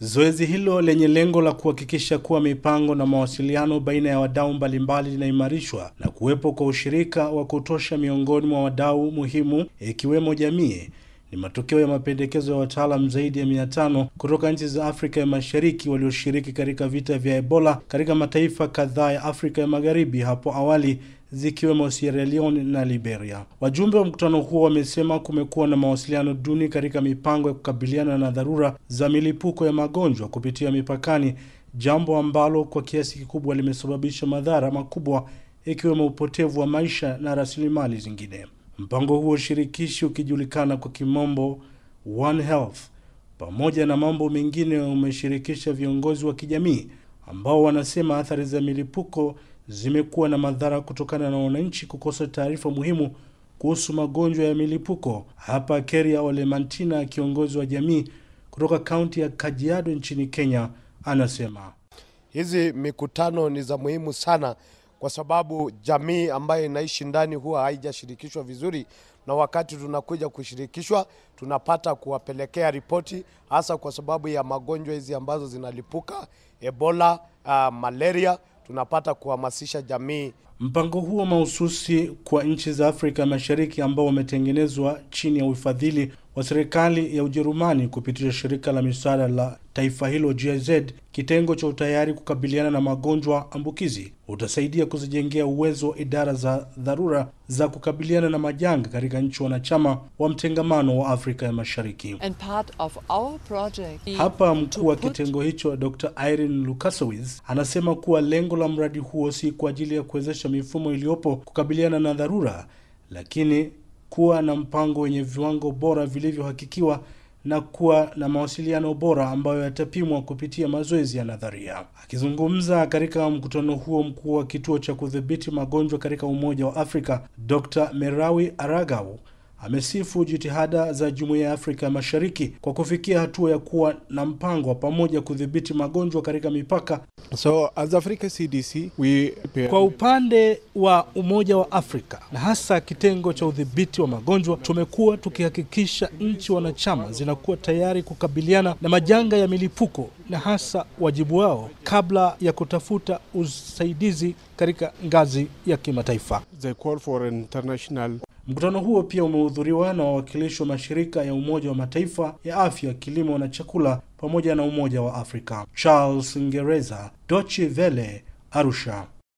Zoezi hilo lenye lengo la kuhakikisha kuwa mipango na mawasiliano baina ya wadau mbalimbali linaimarishwa na kuwepo kwa ushirika wa kutosha miongoni mwa wadau muhimu ikiwemo jamii ni matokeo ya mapendekezo ya wataalam zaidi ya 5 kutoka nchi za Afrika ya Mashariki walioshiriki katika vita vya Ebola katika mataifa kadhaa ya Afrika ya Magharibi hapo awali zikiwemo Sierra leon na Liberia. Wajumbe wa mkutano huo wamesema kumekuwa na mawasiliano duni katika mipango ya kukabiliana na dharura za milipuko ya magonjwa kupitia mipakani, jambo ambalo kwa kiasi kikubwa limesababisha madhara makubwa ikiwemo upotevu wa maisha na rasilimali zingine. Mpango huo shirikishi ukijulikana kwa kimombo One Health, pamoja na mambo mengine, umeshirikisha viongozi wa kijamii ambao wanasema athari za milipuko zimekuwa na madhara kutokana na wananchi kukosa taarifa muhimu kuhusu magonjwa ya milipuko. Hapa Keria Olemantina, kiongozi wa jamii kutoka kaunti ya Kajiado nchini Kenya, anasema hizi mikutano ni za muhimu sana kwa sababu jamii ambayo inaishi ndani huwa haijashirikishwa vizuri, na wakati tunakuja kushirikishwa tunapata kuwapelekea ripoti, hasa kwa sababu ya magonjwa hizi ambazo zinalipuka Ebola, uh, malaria tunapata kuhamasisha jamii. Mpango huo mahususi kwa nchi za Afrika Mashariki ambao umetengenezwa chini ya ufadhili wa serikali ya Ujerumani kupitia shirika la misaada la taifa hilo GIZ, kitengo cha utayari kukabiliana na magonjwa ambukizi, utasaidia kuzijengea uwezo wa idara za dharura za kukabiliana na majanga katika nchi wanachama wa mtengamano wa Afrika ya Mashariki. Hapa mkuu wa kitengo hicho Dr. Irene Lukasowitz anasema kuwa lengo la mradi huo si kwa ajili ya kuwezesha mifumo iliyopo kukabiliana na dharura, lakini kuwa na mpango wenye viwango bora vilivyohakikiwa na kuwa na mawasiliano bora ambayo yatapimwa kupitia mazoezi ya nadharia. Akizungumza katika mkutano huo, mkuu wa kituo cha kudhibiti magonjwa katika Umoja wa Afrika, Dr. Merawi aragau amesifu jitihada za Jumuiya ya Afrika Mashariki kwa kufikia hatua ya kuwa na mpango wa pamoja kudhibiti magonjwa katika mipaka. So, as Africa CDC, we... Kwa upande wa Umoja wa Afrika na hasa kitengo cha udhibiti wa magonjwa, tumekuwa tukihakikisha nchi wanachama zinakuwa tayari kukabiliana na majanga ya milipuko na hasa wajibu wao kabla ya kutafuta usaidizi katika ngazi ya kimataifa. They call for international Mkutano huo pia umehudhuriwa na wawakilishi wa mashirika ya Umoja wa Mataifa ya afya, kilimo na chakula pamoja na Umoja wa Afrika. Charles Ngereza, Dochi Vele, Arusha.